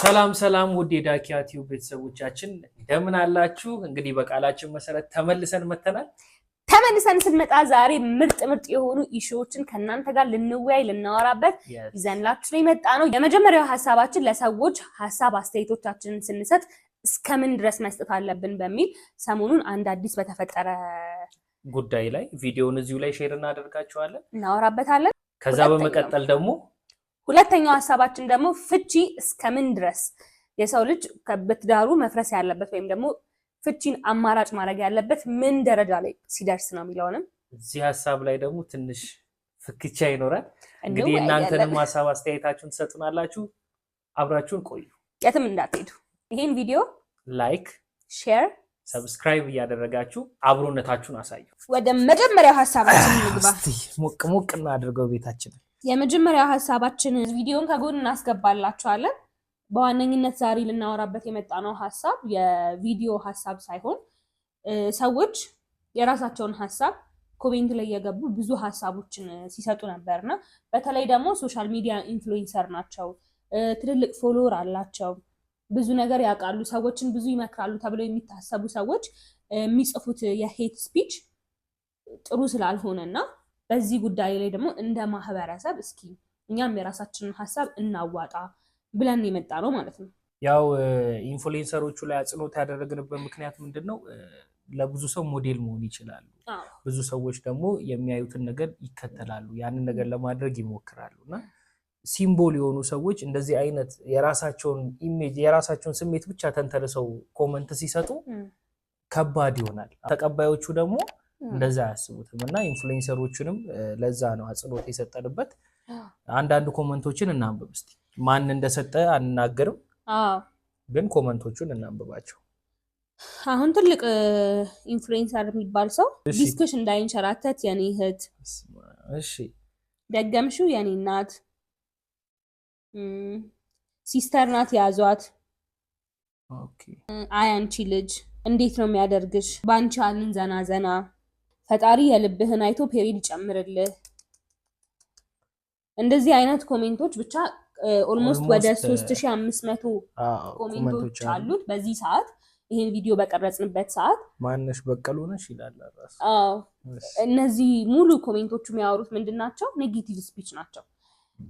ሰላም ሰላም ውድ የዳኪያ ቲዩብ ቤተሰቦቻችን እንደምን አላችሁ? እንግዲህ በቃላችን መሰረት ተመልሰን መተናል። ተመልሰን ስንመጣ ዛሬ ምርጥ ምርጥ የሆኑ ኢሹዎችን ከእናንተ ጋር ልንወያይ ልናወራበት ይዘንላችሁ ነው የመጣ ነው። የመጀመሪያው ሀሳባችን ለሰዎች ሀሳብ አስተያየቶቻችንን ስንሰጥ እስከምን ድረስ መስጠት አለብን በሚል ሰሞኑን አንድ አዲስ በተፈጠረ ጉዳይ ላይ ቪዲዮውን እዚሁ ላይ ሼር እናደርጋችኋለን፣ እናወራበታለን። ከዛ በመቀጠል ደግሞ ሁለተኛው ሀሳባችን ደግሞ ፍቺ እስከምን ድረስ የሰው ልጅ በትዳሩ መፍረስ ያለበት ወይም ደግሞ ፍቺን አማራጭ ማድረግ ያለበት ምን ደረጃ ላይ ሲደርስ ነው የሚለውንም እዚህ ሀሳብ ላይ ደግሞ ትንሽ ፍክቻ ይኖራል። እንግዲህ እናንተንም ሀሳብ አስተያየታችሁን ትሰጡናላችሁ። አብራችሁን ቆዩ፣ የትም እንዳትሄዱ። ይህን ቪዲዮ ላይክ፣ ሼር፣ ሰብስክራይብ እያደረጋችሁ አብሮነታችሁን አሳዩ። ወደ መጀመሪያው ሀሳባችን ሞቅ ሞቅ እናድርገው ቤታችንን የመጀመሪያ ሀሳባችን ቪዲዮን ከጎን እናስገባላችኋለን። በዋነኝነት ዛሬ ልናወራበት የመጣ ነው ሀሳብ የቪዲዮ ሀሳብ ሳይሆን ሰዎች የራሳቸውን ሀሳብ ኮሜንት ላይ የገቡ ብዙ ሀሳቦችን ሲሰጡ ነበር እና በተለይ ደግሞ ሶሻል ሚዲያ ኢንፍሉዌንሰር ናቸው፣ ትልልቅ ፎሎወር አላቸው፣ ብዙ ነገር ያውቃሉ፣ ሰዎችን ብዙ ይመክራሉ ተብለው የሚታሰቡ ሰዎች የሚጽፉት የሄት ስፒች ጥሩ ስላልሆነ እና በዚህ ጉዳይ ላይ ደግሞ እንደ ማህበረሰብ እስኪ እኛም የራሳችንን ሀሳብ እናዋጣ ብለን የመጣ ነው ማለት ነው። ያው ኢንፍሉዌንሰሮቹ ላይ አጽንኦት ያደረግንበት ምክንያት ምንድን ነው? ለብዙ ሰው ሞዴል መሆን ይችላሉ። ብዙ ሰዎች ደግሞ የሚያዩትን ነገር ይከተላሉ፣ ያንን ነገር ለማድረግ ይሞክራሉ እና ሲምቦል የሆኑ ሰዎች እንደዚህ አይነት የራሳቸውን ኢሜጅ የራሳቸውን ስሜት ብቻ ተንተርሰው ኮመንት ሲሰጡ ከባድ ይሆናል። ተቀባዮቹ ደግሞ እንደዛ አያስቡትም። እና ኢንፍሉዌንሰሮቹንም ለዛ ነው አጽንኦት የሰጠንበት። አንዳንድ ኮመንቶችን እናንብብ እስኪ። ማን እንደሰጠ አንናገርም፣ ግን ኮመንቶቹን እናንብባቸው። አሁን ትልቅ ኢንፍሉዌንሰር የሚባል ሰው ዲስክሽ እንዳይንሸራተት የኔ እህት፣ እሺ ደገምሽው የኔ እናት፣ ሲስተር ናት ያዟት። አይ አንቺ ልጅ እንዴት ነው የሚያደርግሽ? በአንቺ አልን ዘና ዘና ፈጣሪ የልብህን አይቶ ፔሪድ ይጨምርልህ። እንደዚህ አይነት ኮሜንቶች ብቻ ኦልሞስት ወደ 3500 ኮሜንቶች አሉት በዚህ ሰዓት ይሄን ቪዲዮ በቀረጽንበት ሰዓት ማነሽ በቀሉ ነሽ ይላል። አዎ እነዚህ ሙሉ ኮሜንቶቹ የሚያወሩት ምንድን ናቸው? ኔጌቲቭ ስፒች ናቸው።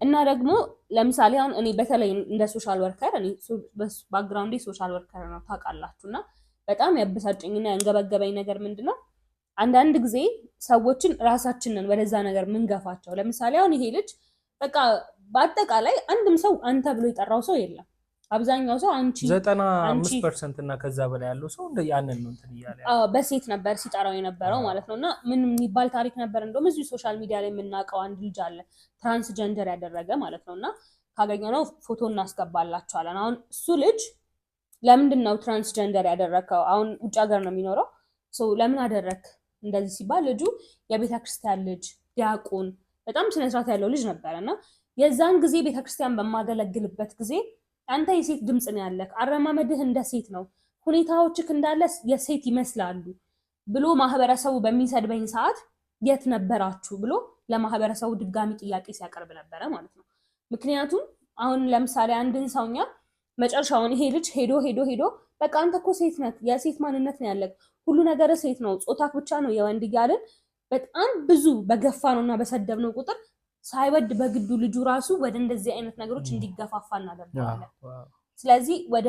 እና ደግሞ ለምሳሌ አሁን እኔ በተለይ እንደ ሶሻል ወርከር እኔ ባክግራውንዴ ሶሻል ወርከር ነው ታውቃላችሁ። እና በጣም ያበሳጨኝና ያንገበገበኝ ነገር ምንድን ነው አንዳንድ ጊዜ ሰዎችን ራሳችንን ወደዛ ነገር ምንገፋቸው። ለምሳሌ አሁን ይሄ ልጅ በቃ በአጠቃላይ አንድም ሰው አንተ ብሎ የጠራው ሰው የለም። አብዛኛው ሰው አንቺ ዘጠና አምስት ፐርሰንት እና ከዛ በላይ ያለው ሰው እንደ ያንን ነው እንትን እያለ በሴት ነበር ሲጠራው የነበረው ማለት ነው። እና ምን የሚባል ታሪክ ነበር እንደውም እዚሁ ሶሻል ሚዲያ ላይ የምናውቀው አንድ ልጅ አለ ትራንስጀንደር ያደረገ ማለት ነው። እና ካገኘነው ፎቶ እናስገባላችኋለን። አሁን እሱ ልጅ ለምንድን ነው ትራንስጀንደር ያደረግከው? አሁን ውጭ ሀገር ነው የሚኖረው። ለምን አደረግ እንደዚህ ሲባል ልጁ የቤተክርስቲያን ልጅ ዲያቆን፣ በጣም ስነስርዓት ያለው ልጅ ነበረ እና የዛን ጊዜ ቤተክርስቲያን በማገለግልበት ጊዜ አንተ የሴት ድምፅ ነው ያለህ፣ አረማመድህ እንደ ሴት ነው፣ ሁኔታዎችህ እንዳለ የሴት ይመስላሉ ብሎ ማህበረሰቡ በሚሰድበኝ ሰዓት የት ነበራችሁ ብሎ ለማህበረሰቡ ድጋሚ ጥያቄ ሲያቀርብ ነበረ ማለት ነው። ምክንያቱም አሁን ለምሳሌ አንድን ሰውኛ መጨረሻውን ይሄ ልጅ ሄዶ ሄዶ ሄዶ በቃ አንተ እኮ ሴት ነህ፣ የሴት ማንነት ነው ያለህ፣ ሁሉ ነገር ሴት ነው፣ ጾታክ ብቻ ነው የወንድ እያልን በጣም ብዙ በገፋ ነው እና በሰደብ ነው ቁጥር ሳይወድ በግዱ ልጁ ራሱ ወደ እንደዚህ አይነት ነገሮች እንዲገፋፋ እናደርገዋለን። ስለዚህ ወደ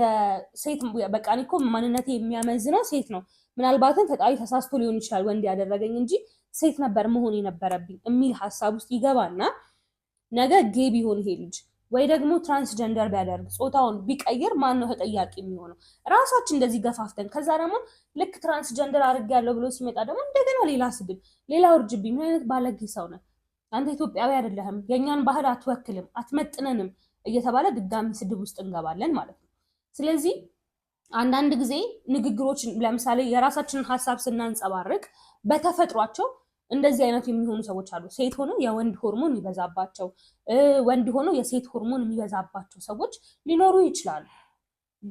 ሴት በቃ እኔ እኮ ማንነቴ የሚያመዝነው ሴት ነው፣ ምናልባትም ፈጣሪ ተሳስቶ ሊሆን ይችላል ወንድ ያደረገኝ እንጂ ሴት ነበር መሆን የነበረብኝ የሚል ሀሳብ ውስጥ ይገባና ነገ ጌ ቢሆን ይሄ ልጅ ወይ ደግሞ ትራንስጀንደር ቢያደርግ ጾታውን ቢቀይር ማን ነው ተጠያቂ የሚሆነው? ራሳችን እንደዚህ ገፋፍተን ከዛ ደግሞ ልክ ትራንስጀንደር ያለው ብሎ ሲመጣ ደግሞ እንደገና ሌላ ስድብ፣ ሌላ ውርጅብኝ። ምን አይነት ባለጌ ሰው ነህ አንተ? ኢትዮጵያዊ አይደለህም፣ የእኛን ባህል አትወክልም፣ አትመጥነንም እየተባለ ድጋሚ ስድብ ውስጥ እንገባለን ማለት ነው። ስለዚህ አንዳንድ ጊዜ ንግግሮች ለምሳሌ የራሳችንን ሀሳብ ስናንጸባርቅ በተፈጥሯቸው እንደዚህ አይነት የሚሆኑ ሰዎች አሉ። ሴት ሆኖ የወንድ ሆርሞን የሚበዛባቸው፣ ወንድ ሆኖ የሴት ሆርሞን የሚበዛባቸው ሰዎች ሊኖሩ ይችላሉ።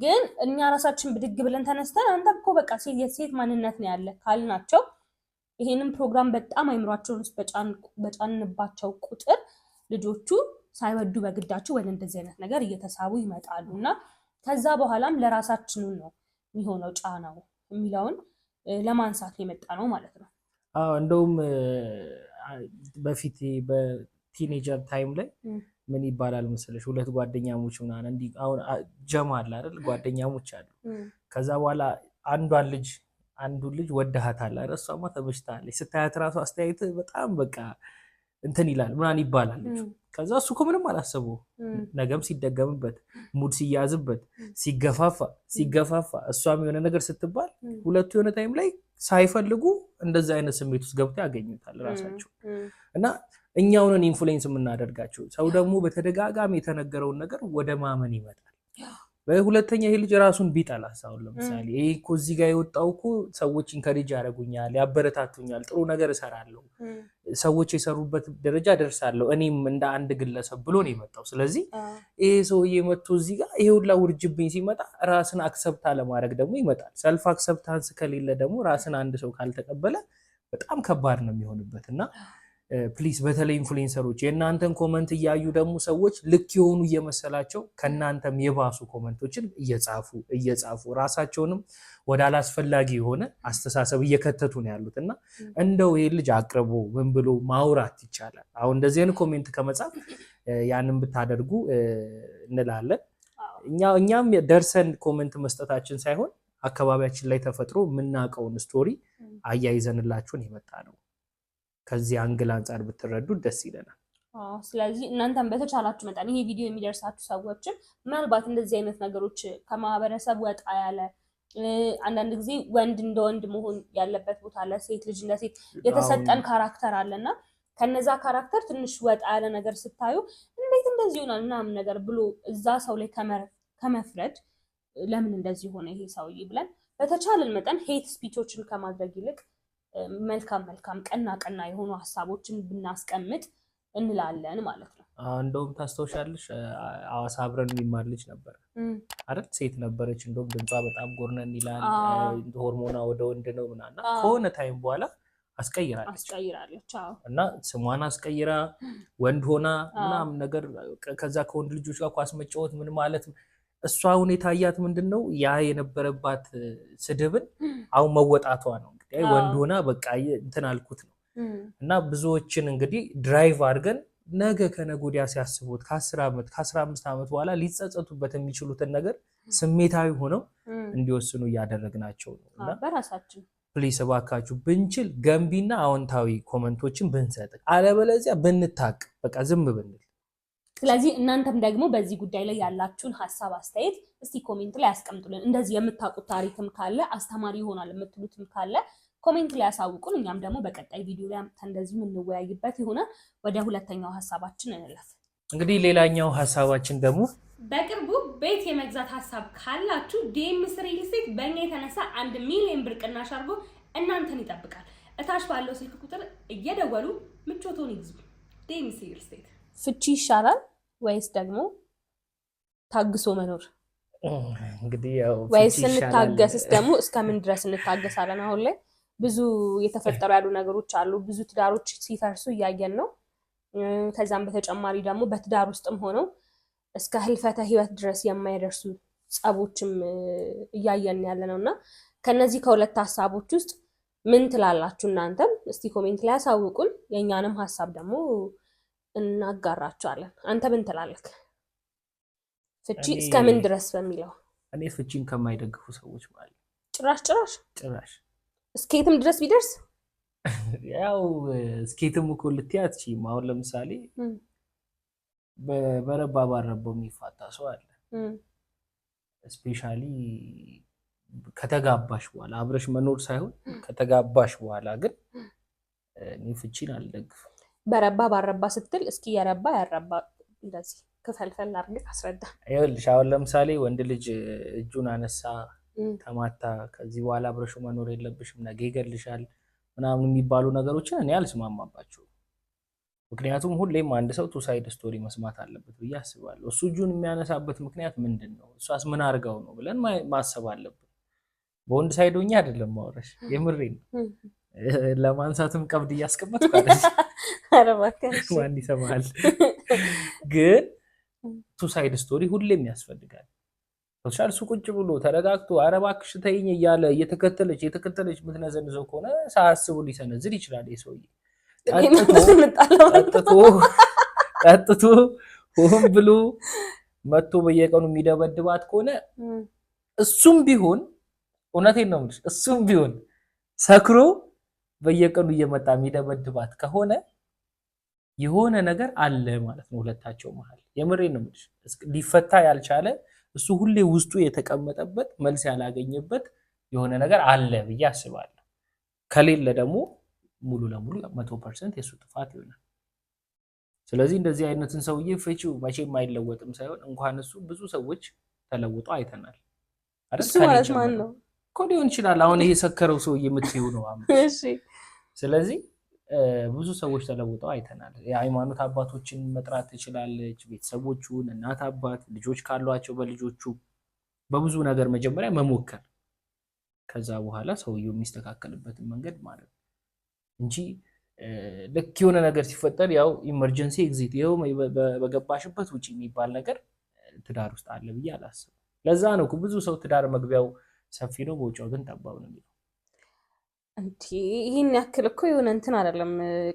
ግን እኛ ራሳችን ብድግ ብለን ተነስተን አንተ እኮ በቃ የሴት ማንነት ነው ያለ ካልናቸው ይሄንን ፕሮግራም በጣም አይምሯቸውን ውስጥ በጫንባቸው ቁጥር ልጆቹ ሳይወዱ በግዳቸው ወደ እንደዚህ አይነት ነገር እየተሳቡ ይመጣሉ እና ከዛ በኋላም ለራሳችንን ነው የሚሆነው ጫናው የሚለውን ለማንሳት የመጣ ነው ማለት ነው። እንደውም በፊት በቲኔጀር ታይም ላይ ምን ይባላል መሰለሽ፣ ሁለት ጓደኛሞች ምናምን እንዲህ አሁን ጀማ አለ አይደል? ጓደኛሞች አሉ። ከዛ በኋላ አንዷን ልጅ አንዱን ልጅ ወድሃታል አይደል? እሷማ ተመችታለች። ስታያት ራሱ አስተያየት በጣም በቃ እንትን ይላል ምናን ይባላል። ከዛ እሱ እኮ ምንም አላሰበው። ነገም ሲደገምበት፣ ሙድ ሲያዝበት፣ ሲገፋፋ ሲገፋፋ እሷም የሆነ ነገር ስትባል ሁለቱ የሆነ ታይም ላይ ሳይፈልጉ እንደዚ አይነት ስሜት ውስጥ ገብተው ያገኙታል ራሳቸው እና እኛውንን ኢንፍሉዌንስ የምናደርጋቸው ሰው ደግሞ በተደጋጋሚ የተነገረውን ነገር ወደ ማመን ይመጣል። ሁለተኛ ይሄ ልጅ ራሱን ቢጠላ አሁን ለምሳሌ ይሄ እኮ እዚህ ጋር የወጣው እኮ ሰዎች ኢንከሬጅ ያደርጉኛል፣ ያበረታቱኛል፣ ጥሩ ነገር እሰራለሁ ሰዎች የሰሩበት ደረጃ ደርሳለሁ እኔም እንደ አንድ ግለሰብ ብሎ ነው የመጣው። ስለዚህ ይሄ ሰውዬ መጥቶ እዚህ ጋር ይሄ ሁላ ውርጅብኝ ሲመጣ ራስን አክሰብታ ለማድረግ ደግሞ ይመጣል። ሰልፍ አክሰብታንስ ከሌለ ደግሞ ራስን አንድ ሰው ካልተቀበለ በጣም ከባድ ነው የሚሆንበት እና ፕሊስ በተለይ ኢንፍሉዌንሰሮች የእናንተን ኮመንት እያዩ ደግሞ ሰዎች ልክ የሆኑ እየመሰላቸው ከእናንተም የባሱ ኮመንቶችን እየጻፉ እየጻፉ ራሳቸውንም ወደ አላስፈላጊ የሆነ አስተሳሰብ እየከተቱ ነው ያሉት እና እንደው ይህ ልጅ አቅርቦ ምን ብሎ ማውራት ይቻላል። አሁን እንደዚህ ኮሜንት ከመጻፍ ያንን ብታደርጉ እንላለን። እኛም ደርሰን ኮሜንት መስጠታችን ሳይሆን አካባቢያችን ላይ ተፈጥሮ የምናውቀውን ስቶሪ አያይዘንላችሁን የመጣ ነው። ከዚህ አንግል አንጻር ብትረዱ ደስ ይለናል። ስለዚህ እናንተም በተቻላችሁ መጠን ይሄ ቪዲዮ የሚደርሳችሁ ሰዎችም ምናልባት እንደዚህ አይነት ነገሮች ከማህበረሰብ ወጣ ያለ አንዳንድ ጊዜ ወንድ እንደ ወንድ መሆን ያለበት ቦታ አለ፣ ሴት ልጅ እንደ ሴት የተሰጠን ካራክተር አለና ከነዛ ካራክተር ትንሽ ወጣ ያለ ነገር ስታዩ እንዴት እንደዚህ ይሆናል ምናምን ነገር ብሎ እዛ ሰው ላይ ከመፍረድ ለምን እንደዚህ ሆነ ይሄ ሰውዬ ብለን በተቻለን መጠን ሄት ስፒቾችን ከማድረግ ይልቅ መልካም መልካም ቀና ቀና የሆኑ ሀሳቦችን ብናስቀምጥ እንላለን ማለት ነው። እንደውም ታስታውሻለሽ፣ አዋሳ አብረን የሚማር ልጅ ነበር አይደል? ሴት ነበረች። እንደውም ድምጿ በጣም ጎርነን ይላል፣ ሆርሞና ወደ ወንድ ነው ምናና ከሆነ ታይም በኋላ አስቀይራለች እና ስሟን አስቀይራ ወንድ ሆና ምናምን ነገር ከዛ ከወንድ ልጆች ጋር ኳስ መጫወት ምን ማለት እሷ ሁኔታ እያት ምንድን ነው ያ የነበረባት ስድብን አሁን መወጣቷ ነው ወንድ ሆና በቃ እንትን አልኩት ነው እና ብዙዎችን እንግዲህ ድራይቭ አድርገን ነገ ከነጎዲያ ሲያስቡት ከአስር ዓመት ከአስራ አምስት ዓመት በኋላ ሊጸጸቱበት የሚችሉትን ነገር ስሜታዊ ሆነው እንዲወስኑ እያደረግናቸው ነው በራሳችን ፕሊስ እባካችሁ ብንችል ገንቢና አዎንታዊ ኮመንቶችን ብንሰጥ፣ አለበለዚያ ብንታቅ፣ በቃ ዝም ብንል ስለዚህ እናንተም ደግሞ በዚህ ጉዳይ ላይ ያላችሁን ሀሳብ አስተያየት እስቲ ኮሜንት ላይ አስቀምጡልን። እንደዚህ የምታውቁት ታሪክም ካለ አስተማሪ ይሆናል የምትሉትም ካለ ኮሜንት ላይ ያሳውቁን። እኛም ደግሞ በቀጣይ ቪዲዮ ላይ እንደዚህ የምንወያይበት የሆነ ወደ ሁለተኛው ሀሳባችን እንለፍ። እንግዲህ ሌላኛው ሀሳባችን ደግሞ በቅርቡ ቤት የመግዛት ሀሳብ ካላችሁ ዴም ሪል ስቴት በእኛ የተነሳ አንድ ሚሊዮን ብር ቅናሽ አድርጎ እናንተን ይጠብቃል። እታች ባለው ስልክ ቁጥር እየደወሉ ምቾቶን ይግዙ። ዲኤምስ ሪል ስቴት ፍቺ ይሻላል ወይስ ደግሞ ታግሶ መኖር? እንግዲህ ያው ወይስ እንታገስስ ደግሞ እስከምን ድረስ እንታገሳለን? አሁን ላይ ብዙ የተፈጠሩ ያሉ ነገሮች አሉ። ብዙ ትዳሮች ሲፈርሱ እያየን ነው። ከዛም በተጨማሪ ደግሞ በትዳር ውስጥም ሆነው እስከ ህልፈተ ህይወት ድረስ የማይደርሱ ጸቦችም እያየን ያለ ነው እና ከነዚህ ከሁለት ሀሳቦች ውስጥ ምን ትላላችሁ እናንተም? እስቲ ኮሜንት ላይ ያሳውቁን። የእኛንም ሀሳብ ደግሞ እናጋራቸዋለን። አንተ ምን ትላለህ? ፍቺ እስከምን ድረስ በሚለው እኔ ፍቺን ከማይደግፉ ሰዎች ማለት ጭራሽ ጭራሽ ጭራሽ እስኬትም ድረስ ቢደርስ ያው እስኬትም እኮ ልትያትች አሁን ለምሳሌ በረባ ባረባው የሚፋታ ሰው አለ። እስፔሻሊ ከተጋባሽ በኋላ አብረሽ መኖር ሳይሆን ከተጋባሽ በኋላ ግን እኔ ፍቺን አልደግፍም። በረባ ባረባ ስትል እስኪ የረባ ያረባ እንደዚህ ክፈልፈል አድርገህ አስረዳ። ይኸውልሽ አሁን ለምሳሌ ወንድ ልጅ እጁን አነሳ፣ ተማታ፣ ከዚህ በኋላ አብረሹ መኖር የለብሽም ነገ ይገልሻል ምናምን የሚባሉ ነገሮችን እኔ አልስማማባቸው። ምክንያቱም ሁሌም አንድ ሰው ቱሳይድ ስቶሪ መስማት አለበት ብዬ አስባለሁ። እሱ እጁን የሚያነሳበት ምክንያት ምንድን ነው? እሷስ ምን አድርገው ነው ብለን ማሰብ አለብን። በወንድ ሳይዶኛ አይደለም ማውረሽ፣ የምሬ ነው። ለማንሳትም ቀብድ እያስቀመጥኩ ማን ይሰማል? ግን ቱሳይድ ስቶሪ ሁሌም ያስፈልጋል። ሶሻል እሱ ቁጭ ብሎ ተረጋግቶ ኧረ እባክሽ ተይኝ እያለ እየተከተለች እየተከተለች የምትነዘንዘው ከሆነ ሳያስቡ ሊሰነዝር ይችላል። የሰውዬ ጠጥቶ ሆን ብሎ መጥቶ በየቀኑ የሚደበድባት ከሆነ እሱም ቢሆን እውነቴን ነው የምልሽ፣ እሱም ቢሆን ሰክሮ በየቀኑ እየመጣ የሚደበድባት ከሆነ የሆነ ነገር አለ ማለት ነው ሁለታቸው መሀል። የምሬ ነው የምልሽ፣ ሊፈታ ያልቻለ እሱ ሁሌ ውስጡ የተቀመጠበት መልስ ያላገኘበት የሆነ ነገር አለ ብዬ አስባለሁ። ከሌለ ደግሞ ሙሉ ለሙሉ መቶ ፐርሰንት የእሱ ጥፋት ይሆናል። ስለዚህ እንደዚህ አይነትን ሰውዬ ፍቺው መቼም አይለወጥም ሳይሆን እንኳን እሱ ብዙ ሰዎች ተለውጦ አይተናል። እሱ ማለት ማን ነው እኮ ሊሆን ይችላል። አሁን ይሄ የሰከረው ሰውዬ የምትይው ነው። ስለዚህ ብዙ ሰዎች ተለውጠው አይተናል። የሃይማኖት አባቶችን መጥራት ትችላለች። ቤተሰቦቹን፣ እናት አባት፣ ልጆች ካሏቸው በልጆቹ በብዙ ነገር መጀመሪያ መሞከር ከዛ በኋላ ሰውየው የሚስተካከልበትን መንገድ ማለት ነው እንጂ ልክ የሆነ ነገር ሲፈጠር ያው ኢመርጀንሲ ኤግዚት ይኸው በገባሽበት ውጪ የሚባል ነገር ትዳር ውስጥ አለ ብዬ አላስብም። ለዛ ነው ብዙ ሰው ትዳር መግቢያው ሰፊ ነው፣ በውጫው ግን ጠባብ ነው የሚለው። እንዲ ይህን ያክል እኮ የሆነ እንትን አይደለም፣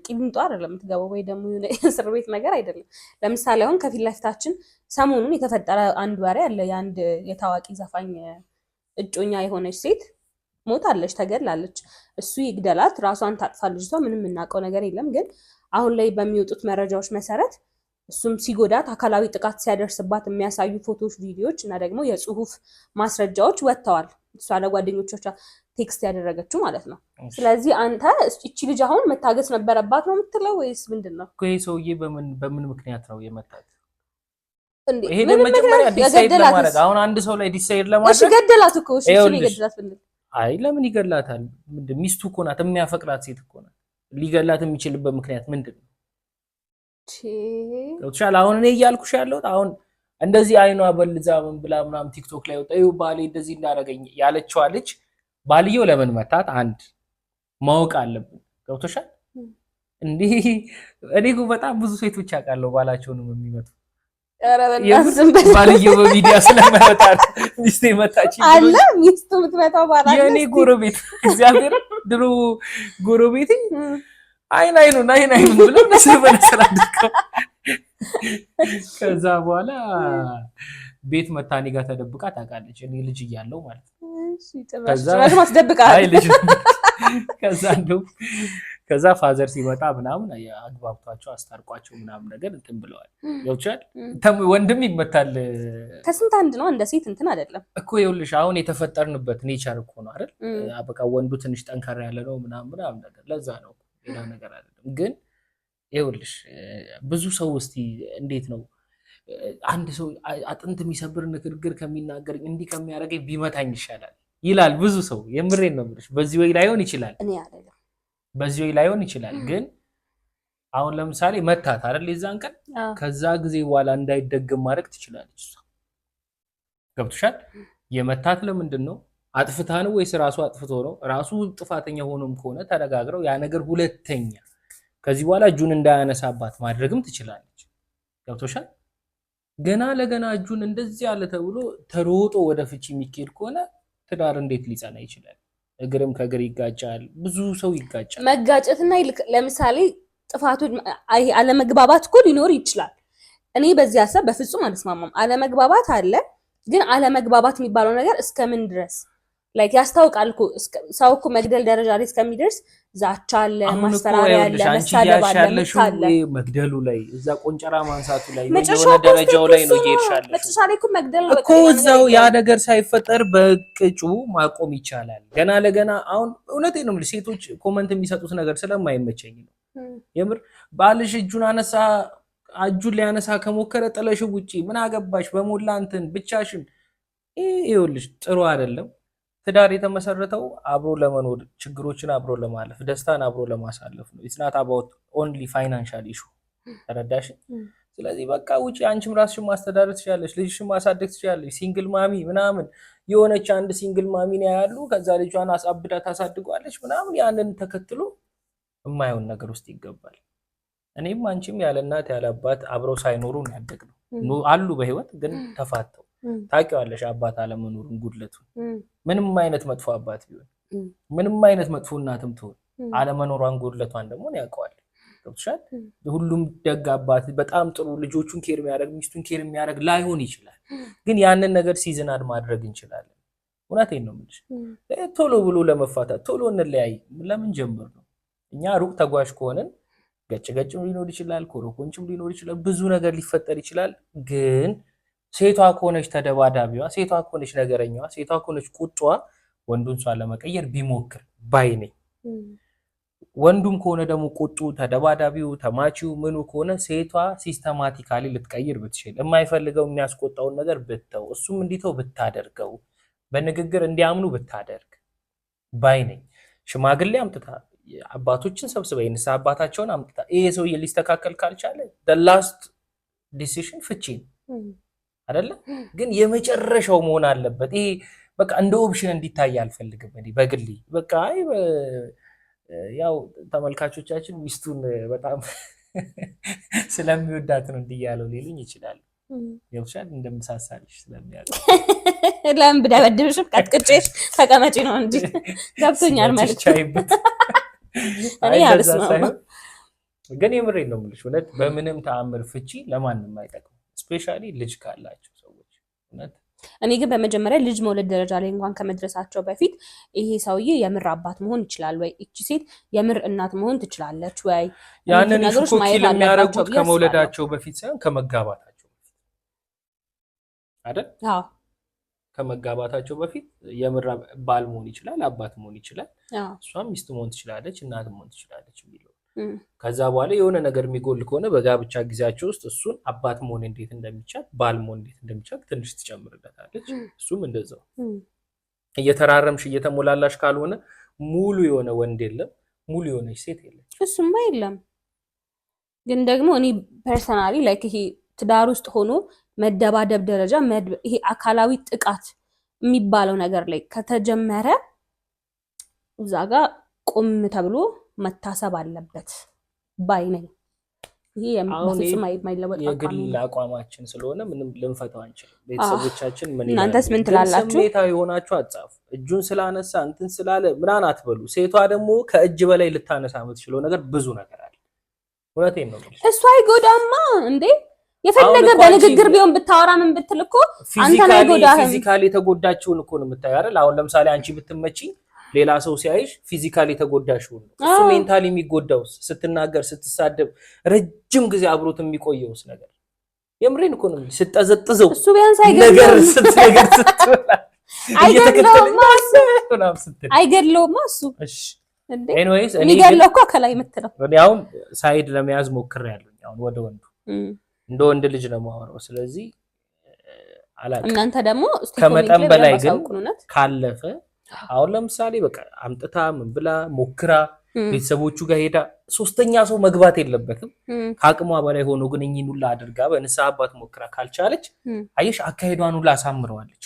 ቂሊንጦ አይደለም የምትገባው፣ ወይ ደግሞ የሆነ እስር ቤት ነገር አይደለም። ለምሳሌ አሁን ከፊት ለፊታችን ሰሞኑን የተፈጠረ አንድ ወሬ አለ። የአንድ የታዋቂ ዘፋኝ እጮኛ የሆነች ሴት ሞታለች፣ ተገላለች። እሱ ይግደላት፣ ራሷን ታጥፋ፣ ልጅቷ ምንም የምናውቀው ነገር የለም። ግን አሁን ላይ በሚወጡት መረጃዎች መሰረት እሱም ሲጎዳት፣ አካላዊ ጥቃት ሲያደርስባት የሚያሳዩ ፎቶዎች፣ ቪዲዮዎች እና ደግሞ የጽሁፍ ማስረጃዎች ወጥተዋል። እሷ ለጓደኞቻ ቴክስት ያደረገችው ማለት ነው። ስለዚህ አንተ እቺ ልጅ አሁን መታገስ ነበረባት ነው የምትለው ወይስ ምንድን ነው? ይህ ሰውዬ በምን ምክንያት ነው የመታት? ይሄ አሁን አንድ ሰው ላይ ዲሳይድ ለማድረግ ገደላት እኮ አይ ለምን ይገላታል? ምንድን ሚስቱ እኮ ናት፣ የሚያፈቅራት ሴት እኮ ናት። ሊገላት የሚችልበት ምክንያት ምንድን ነው? ቻል አሁን እኔ እያልኩሽ ያለሁት አሁን እንደዚህ አይኗ በልዛ ምን ብላ ምናምን ቲክቶክ ላይ ወጣ ባሌ እንደዚህ እንዳደረገኝ ያለችዋ ልጅ ባልየው ለምን መታት? አንድ ማወቅ አለብን። ገብቶሻል? እንዲህ እኔ እኮ በጣም ብዙ ሴቶች አውቃለሁ ባላቸውንም የሚመቱ ባልየው በሚዲያ ስለመረታ ሚስቴ መታች አለ ሚስቱ ምትመታው ባላ የእኔ ጎረቤት እግዚአብሔር ድሮ ጎረቤቴ አይን አይኑን አይን አይኑን ብሎ ነስር በነስር አድርገው ከዛ በኋላ ቤት መታ እኔ ጋር ተደብቃ ታውቃለች። እኔ ልጅ እያለው ማለት ነው ከዛ ፋዘር ሲመጣ ምናምን አግባብቷቸው አስታርቋቸው ምናምን ነገር እንትን ብለዋል። ይውቻል ወንድም ይመታል ከስንት አንድ ነው። እንደ ሴት እንትን አይደለም እኮ ይኸውልሽ፣ አሁን የተፈጠርንበት ኔቸር እኮ ነው አይደል? በቃ ወንዱ ትንሽ ጠንከር ያለ ነው ምናምን ምናምን ነገር ለዛ ነው ሌላ ነገር አይደለም። ግን ይኸውልሽ ብዙ ሰው እስቲ እንዴት ነው አንድ ሰው አጥንት የሚሰብር ንግግር ከሚናገር እንዲህ ከሚያደርገኝ ቢመታኝ ይሻላል ይላል ብዙ ሰው። የምሬን ነው የምልሽ። በዚህ ወይ ላይሆን ይችላል፣ በዚህ ወይ ላይሆን ይችላል። ግን አሁን ለምሳሌ መታት አይደል የዛን ቀን፣ ከዛ ጊዜ በኋላ እንዳይደግም ማድረግ ትችላለች። እሷ ገብቶሻል። የመታት ለምንድን ነው አጥፍታ ነው ወይስ ራሱ አጥፍቶ ነው? ራሱ ጥፋተኛ ሆኖም ከሆነ ተነጋግረው ያ ነገር ሁለተኛ ከዚህ በኋላ እጁን እንዳያነሳባት ማድረግም ትችላለች። ገብቶሻል። ገና ለገና እጁን እንደዚህ ያለ ተብሎ ተሮጦ ወደ ፍቺ የሚካሄድ ከሆነ ትዳር እንዴት ሊጸና ይችላል? እግርም ከእግር ይጋጫል። ብዙ ሰው ይጋጫል። መጋጨትና ለምሳሌ ጥፋቱ አለመግባባት እኮ ሊኖር ይችላል። እኔ በዚህ ሀሳብ በፍጹም አልስማማም። አለመግባባት አለ፣ ግን አለመግባባት የሚባለው ነገር እስከምን ድረስ ላይክ ያስታውቃል እኮ ሰው እኮ መግደል ደረጃ ላይ እስከሚደርስ ዛቻ አለ፣ ማስፈራሪያ አለ፣ መሳደብ አለ። መግደሉ ላይ እዛ ቆንጨራ ማንሳቱ ላይ ደረጃው ላይ ነው ይሄድሻል። መጨረሻ ላይ እኮ መግደል እኮ እዛው ያ ነገር ሳይፈጠር በቅጩ ማቆም ይቻላል። ገና ለገና አሁን እውነቴ ነው የምልሽ ሴቶች ኮመንት የሚሰጡት ነገር ስለማይመቸኝ ነው የምር። ባልሽ እጁን አነሳ እጁን ሊያነሳ ከሞከረ ጥለሽ ውጪ፣ ምን አገባሽ በሞላ እንትን ብቻሽን። ይኸውልሽ ጥሩ አይደለም። ትዳር የተመሰረተው አብሮ ለመኖር ችግሮችን አብሮ ለማለፍ ደስታን አብሮ ለማሳለፍ ነው። ኢትስናት አባውት ኦንሊ ፋይናንሻል ኢሹ ተረዳሽ። ስለዚህ በቃ ውጪ አንቺም ራስሽን ማስተዳደር ትችላለች፣ ልጅሽን ማሳደግ ትችላለች። ሲንግል ማሚ ምናምን የሆነች አንድ ሲንግል ማሚ ነው ያሉ፣ ከዛ ልጇን አሳብዳ ታሳድጓለች ምናምን። ያንን ተከትሎ የማየውን ነገር ውስጥ ይገባል። እኔም አንቺም ያለ እናት ያለ አባት አብረው ሳይኖሩ ነው ያደግነው አሉ በህይወት ግን ተፋተው ታውቂዋለሽ፣ አባት አለመኖሩን ጉድለቱን። ምንም አይነት መጥፎ አባት ቢሆን ምንም አይነት መጥፎ እናትም ትሆን አለመኖሯን ጉድለቷን ደግሞ ያውቀዋል። ገብቶሻል። ሁሉም ደግ አባት በጣም ጥሩ ልጆቹን ኬር የሚያደርግ ሚስቱን ኬር የሚያደርግ ላይሆን ይችላል፣ ግን ያንን ነገር ሲዝናድ ማድረግ እንችላለን። እውነቴን ነው የምልሽ። ቶሎ ብሎ ለመፋታት ቶሎ እንለያይ ለምን ጀምር ነው። እኛ ሩቅ ተጓዥ ከሆንን ገጭ ገጭም ሊኖር ይችላል፣ ኮረኮንችም ሊኖር ይችላል፣ ብዙ ነገር ሊፈጠር ይችላል ግን ሴቷ ከሆነች ተደባዳቢዋ፣ ሴቷ ከሆነች ነገረኛዋ፣ ሴቷ ከሆነች ቁጧዋ ወንዱን እሷን ለመቀየር ቢሞክር ባይ ነኝ። ወንዱም ከሆነ ደግሞ ቁጡ፣ ተደባዳቢው፣ ተማቺው ምኑ ከሆነ ሴቷ ሲስተማቲካሊ ልትቀይር ብትችል የማይፈልገው የሚያስቆጣውን ነገር ብተው እሱም እንዲተው ብታደርገው በንግግር እንዲያምኑ ብታደርግ ባይ ነኝ። ሽማግሌ አምጥታ አባቶችን ሰብስበ የንስሓ አባታቸውን አምጥታ ይሄ ሰውዬ ሊስተካከል ካልቻለ ላስት ዲሲሽን ፍቺ ነው። አይደለ? ግን የመጨረሻው መሆን አለበት። ይሄ በቃ እንደ ኦፕሽን እንዲታይ አልፈልግም። እኔ በግሌ በቃ አይ ያው ተመልካቾቻችን ሚስቱን በጣም ስለሚወዳት ነው እንዲህ ያለው ሊሉኝ ይችላሉ። የውሻል እንደምሳሳልሽ ስለሚያውቅ ለምን ብደበድብሽም ቀጥቅጬሽ ተቀመጪ ነው እንጂ ገብቶኛል። መልክ ግን የምሬ ነው የምልሽ። እውነት በምንም ተአምር ፍቺ ለማንም አይጠቅም። ስፔሻሊ ልጅ ካላቸው ሰዎች እውነት እኔ ግን በመጀመሪያ ልጅ መውለድ ደረጃ ላይ እንኳን ከመድረሳቸው በፊት ይሄ ሰውዬ የምር አባት መሆን ይችላል ወይ፣ እቺ ሴት የምር እናት መሆን ትችላለች ወይ፣ ያንን ነገሮች ማየት ከመውለዳቸው በፊት ሳይሆን ከመጋባታቸው በፊት አይደል? ከመጋባታቸው በፊት የምር ባል መሆን ይችላል፣ አባት መሆን ይችላል፣ እሷም ሚስት መሆን ትችላለች፣ እናት መሆን ትችላለች የሚለው ከዛ በኋላ የሆነ ነገር የሚጎል ከሆነ በጋብቻ ጊዜያቸው ውስጥ እሱን አባት መሆን እንዴት እንደሚቻል ባል መሆን እንዴት እንደሚቻል ትንሽ ትጨምርለታለች። እሱም እንደዛው እየተራረምሽ እየተሞላላሽ ካልሆነ ሙሉ የሆነ ወንድ የለም፣ ሙሉ የሆነች ሴት የለም። እሱማ የለም። ግን ደግሞ እኔ ፐርሰናሊ ላይክ ይሄ ትዳር ውስጥ ሆኖ መደባደብ ደረጃ ይሄ አካላዊ ጥቃት የሚባለው ነገር ላይ ከተጀመረ እዛ ጋር ቁም ተብሎ መታሰብ አለበት ባይ ነኝ። ይሄ የማይለወጥ የግል አቋማችን ስለሆነ ምንም ልንፈተው አንችልም። ቤተሰቦቻችን ምን እናንተስ ምን ትላላችሁ? ስሜታዊ የሆናችሁ አጻፉ እጁን ስላነሳ እንትን ስላለ ምናን አትበሉ። ሴቷ ደግሞ ከእጅ በላይ ልታነሳ የምትችለው ነገር ብዙ ነገር አለ። እውነቴን ነው። እሷ አይጎዳማ እንዴ የፈለገ በንግግር ቢሆን ብታወራ ምን ብትል እኮ አንተን አይጎዳህም። ፊዚካሊ የተጎዳችውን እኮ ነው የምታየው አይደል? አሁን ለምሳሌ አንቺ ብትመችኝ ሌላ ሰው ሲያይሽ ፊዚካሊ የተጎዳሽው ነው እሱ። ሜንታሊ የሚጎዳውስ ስትናገር፣ ስትሳደብ ረጅም ጊዜ አብሮት የሚቆየውስ ነገር የምሬን እኮ ነው። ስጠዘጥዘው እሱ ቢያንስ ነገር ስትነገር አይገድለውማ እሱ የሚገድለው እኮ ከላይ የምትለው ያውም ሳይድ ለመያዝ ሞክሬያለሁ። አሁን ወደ ወንዱ እንደ ወንድ ልጅ ነው የማወራው። ስለዚህ እናንተ ደግሞ ከመጠን በላይ ግን ካለፈ አሁን ለምሳሌ በቃ አምጥታ ምን ብላ ሞክራ ቤተሰቦቹ ጋር ሄዳ ሶስተኛ ሰው መግባት የለበትም። ከአቅሟ በላይ ሆኖ ግን እኚህን ሁላ አድርጋ በንስሐ አባት ሞክራ ካልቻለች አየሽ አካሄዷን ሁላ አሳምረዋለች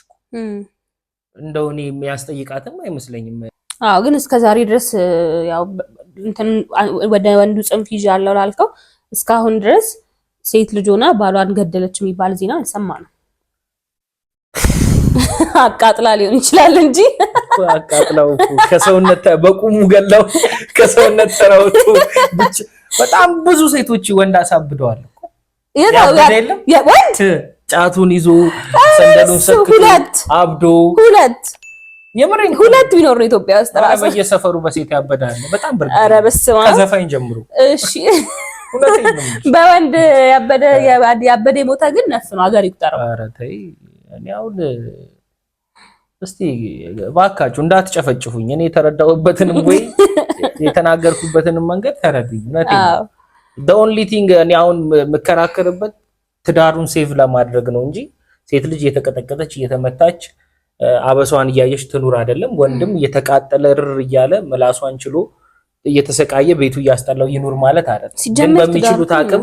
እንደው እኔ የሚያስጠይቃትም አይመስለኝም። አዎ ግን እስከ ዛሬ ድረስ ያው ወደ ወንዱ ጽንፍ ይዣለሁ ላልከው እስካሁን ድረስ ሴት ልጅ ሆና ባሏን ገደለች የሚባል ዜና አልሰማ ነው። አቃጥላ ሊሆን ይችላል እንጂ አቃጥለው ከሰውነት በቁሙ ገለው ከሰውነት ተራውቱ በጣም ብዙ ሴቶች ወንድ አሳብደዋል። ወንድ ጫቱን ይዞ ሰንደሉን ሰክቶ አብዶ ሁለት የምሬን ሁለት ቢኖር ነው ኢትዮጵያ ውስጥ ራሱ በየሰፈሩ በሴት ያበዳል። በጣም ብርቅ። ኧረ በስመ አብ ከዘፋኝ ጀምሮ እሺ በወንድ ያበደ ያበደ የሞተ ግን ነፍ ነው አገር ይቁጠረው። ኧረ ተይ እኔ አሁን እስቲ እባካችሁ እንዳትጨፈጭፉኝ። እኔ የተረዳሁበትንም ወይ የተናገርኩበትንም መንገድ ተረዱኝ። ነ ኦንሊ ቲንግ እኔ አሁን የምከራከርበት ትዳሩን ሴቭ ለማድረግ ነው እንጂ ሴት ልጅ እየተቀጠቀጠች እየተመታች አበሷን እያየች ትኑር አይደለም። ወንድም እየተቃጠለ ርር እያለ ምላሷን ችሎ እየተሰቃየ ቤቱ እያስጠላው ይኑር ማለት አይደለም። ግን በሚችሉት አቅም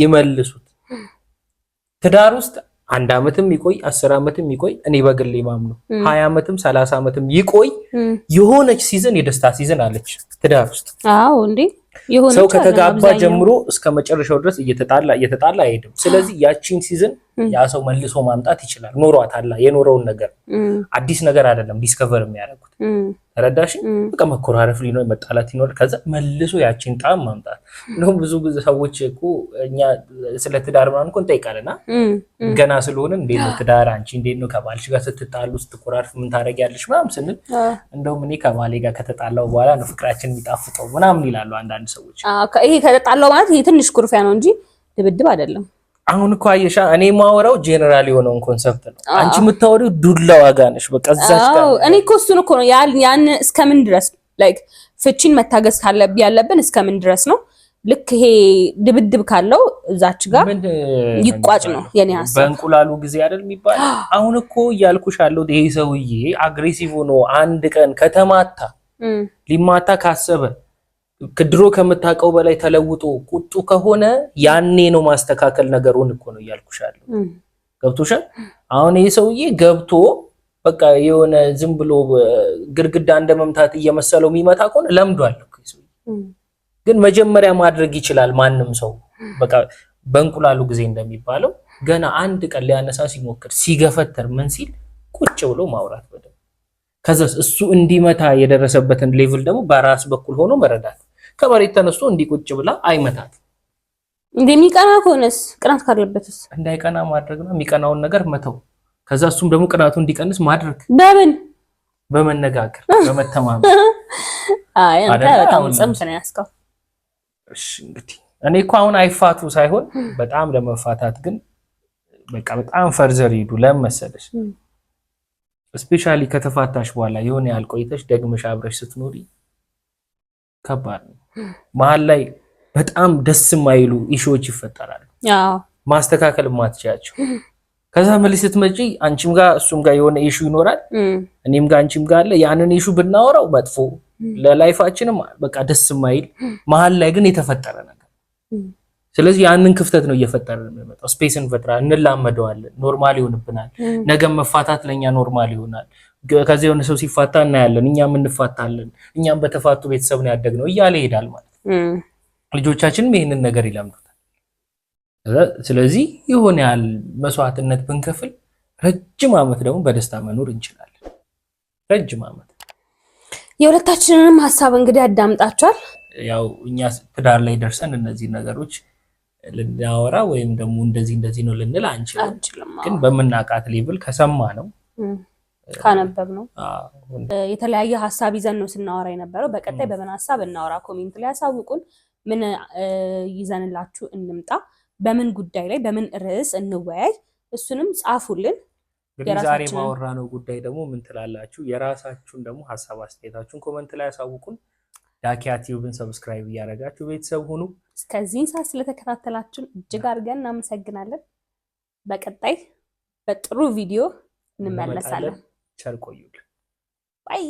ይመልሱት ትዳር ውስጥ አንድ አመትም ይቆይ አስር አመትም ይቆይ እኔ በግሌ ነው ሀያ አመትም ሰላሳ አመትም ይቆይ የሆነች ሲዝን የደስታ ሲዝን አለች ትዳር ውስጥ። አዎ እንዴ ሰው ከተጋባ ጀምሮ እስከ መጨረሻው ድረስ እየተጣላ እየተጣላ አይሄድም። ስለዚህ ያቺን ሲዝን ያ ሰው መልሶ ማምጣት ይችላል። አላ የኖረውን ነገር አዲስ ነገር አይደለም ዲስከቨር የሚያደርጉት ረዳሽ በቃ መኮራረፍ ሊኖር መጣላት ይኖር፣ ከዛ መልሶ ያችን ጣም ማምጣት ነው። ብዙ ሰዎች እኮ እኛ ስለ ትዳር ምናምን እኮ እንጠይቃለና ገና ስለሆነ እንዴት ነው ትዳር አንቺ እንዴት ነው ከባልሽ ጋር ስትጣሉ ስትኮራርፍ ምን ታደርጊያለሽ ምናምን ስንል እንደውም እኔ ከባሌ ጋር ከተጣላው በኋላ ነው ፍቅራችን የሚጣፍጠው ምናምን ይላሉ አንዳንድ ሰዎች። ይሄ ከተጣላው ማለት ይሄ ትንሽ ኩርፊያ ነው እንጂ ድብድብ አይደለም። አሁን እኮ አየሻ እኔ ማወራው ጄኔራል የሆነውን ኮንሰፕት ነው። አንቺ የምታወሪው ዱላ ዋጋ ነሽ። በቃ እዛች ጋር እኔ እኮ እሱን እኮ ነው ያን ያን እስከምን ድረስ ላይክ ፍቺን መታገስ ካለብ ያለብን እስከምን ድረስ ነው። ልክ ይሄ ድብድብ ካለው እዛች ጋር ይቋጭ ነው የኔ ሀሳብ። በእንቁላሉ ጊዜ አይደል የሚባል። አሁን እኮ እያልኩሽ አለው ይሄ ሰውዬ አግሬሲቭ ሆኖ አንድ ቀን ከተማታ ሊማታ ካሰበ ከድሮ ከምታውቀው በላይ ተለውጦ ቁጡ ከሆነ ያኔ ነው ማስተካከል ነገሩን እኮ ነው እያልኩሻለሁ። ገብቶሻል? አሁን ይህ ሰውዬ ገብቶ በቃ የሆነ ዝም ብሎ ግድግዳ እንደ መምታት እየመሰለው የሚመታ ከሆነ ለምዷል። ግን መጀመሪያ ማድረግ ይችላል ማንም ሰው በቃ በእንቁላሉ ጊዜ እንደሚባለው ገና አንድ ቀን ሊያነሳ ሲሞክር ሲገፈተር ምን ሲል ቁጭ ብሎ ማውራት በደምብ ከዛ እሱ እንዲመታ የደረሰበትን ሌቭል ደግሞ በራስ በኩል ሆኖ መረዳት ከመሬት ተነስቶ እንዲህ ብላ አይመታት። እንደሚቀና ከሆነስ ቅናት ካለበትስ እንዳይቀና ማድረግ ነው። የሚቀናውን ነገር መተው፣ ከዛ እሱም ደግሞ ቅናቱ እንዲቀንስ ማድረግ። በምን በመነጋገር በመተማመን። አይ አንተ በጣም ጽንፍ ነው ያስከው። እሺ እንግዲህ እኔ እኮ አሁን አይፋቱ ሳይሆን በጣም ለመፋታት ግን በቃ በጣም ፈርዘር ሂዱ። ለምን ስፔሻሊ ከተፋታሽ በኋላ የሆነ ያህል ቆይተሽ ደግመሽ አብረሽ ስትኖሪ ከባድ ነው። መሀል ላይ በጣም ደስ የማይሉ ኢሾዎች ይፈጠራሉ፣ ማስተካከል ማትችያቸው። ከዛ መልስ ስትመጪ አንቺም ጋር እሱም ጋር የሆነ ኢሹ ይኖራል፣ እኔም ጋር አንቺም ጋር አለ። ያንን ኢሹ ብናወራው መጥፎ ለላይፋችንም በቃ ደስ የማይል መሀል ላይ ግን የተፈጠረ ነገር። ስለዚህ ያንን ክፍተት ነው እየፈጠረ የሚመጣው። ስፔስ እንፈጥራለን፣ እንላመደዋለን፣ ኖርማል ይሆንብናል። ነገ መፋታት ለኛ ኖርማል ይሆናል። ከዚህ የሆነ ሰው ሲፋታ እናያለን፣ እኛም እንፋታለን፣ እኛም በተፋቱ ቤተሰብ ነው ያደግነው እያለ ይሄዳል ማለት ነው። ልጆቻችንም ይህንን ነገር ይለምዱታል። ስለዚህ የሆነ ያህል መስዋዕትነት ብንከፍል ረጅም ዓመት ደግሞ በደስታ መኖር እንችላለን። ረጅም ዓመት የሁለታችንንም ሀሳብ እንግዲህ አዳምጣችኋል። ያው እኛ ትዳር ላይ ደርሰን እነዚህ ነገሮች ልናወራ ወይም ደግሞ እንደዚህ እንደዚህ ነው ልንል አንችልም፣ ግን በምናቃት ሌብል ከሰማ ነው ካነበብ ነው የተለያየ ሀሳብ ይዘን ነው ስናወራ የነበረው። በቀጣይ በምን ሀሳብ እናወራ ኮሜንት ላይ ያሳውቁን። ምን ይዘንላችሁ እንምጣ፣ በምን ጉዳይ ላይ በምን ርዕስ እንወያይ፣ እሱንም ጻፉልን። ዛሬ ማወራ ነው ጉዳይ ደግሞ ምን ትላላችሁ? የራሳችሁን ደግሞ ሀሳብ አስተያየታችሁን ኮመንት ላይ ያሳውቁን። ዳኪያ ቲዩብን ሰብስክራይብ እያደረጋችሁ ቤተሰብ ሁኑ። እስከዚህን ሰዓት ስለተከታተላችሁን እጅግ አድርገን እናመሰግናለን። በቀጣይ በጥሩ ቪዲዮ እንመለሳለን። ቸር ቆዩልን። ባይ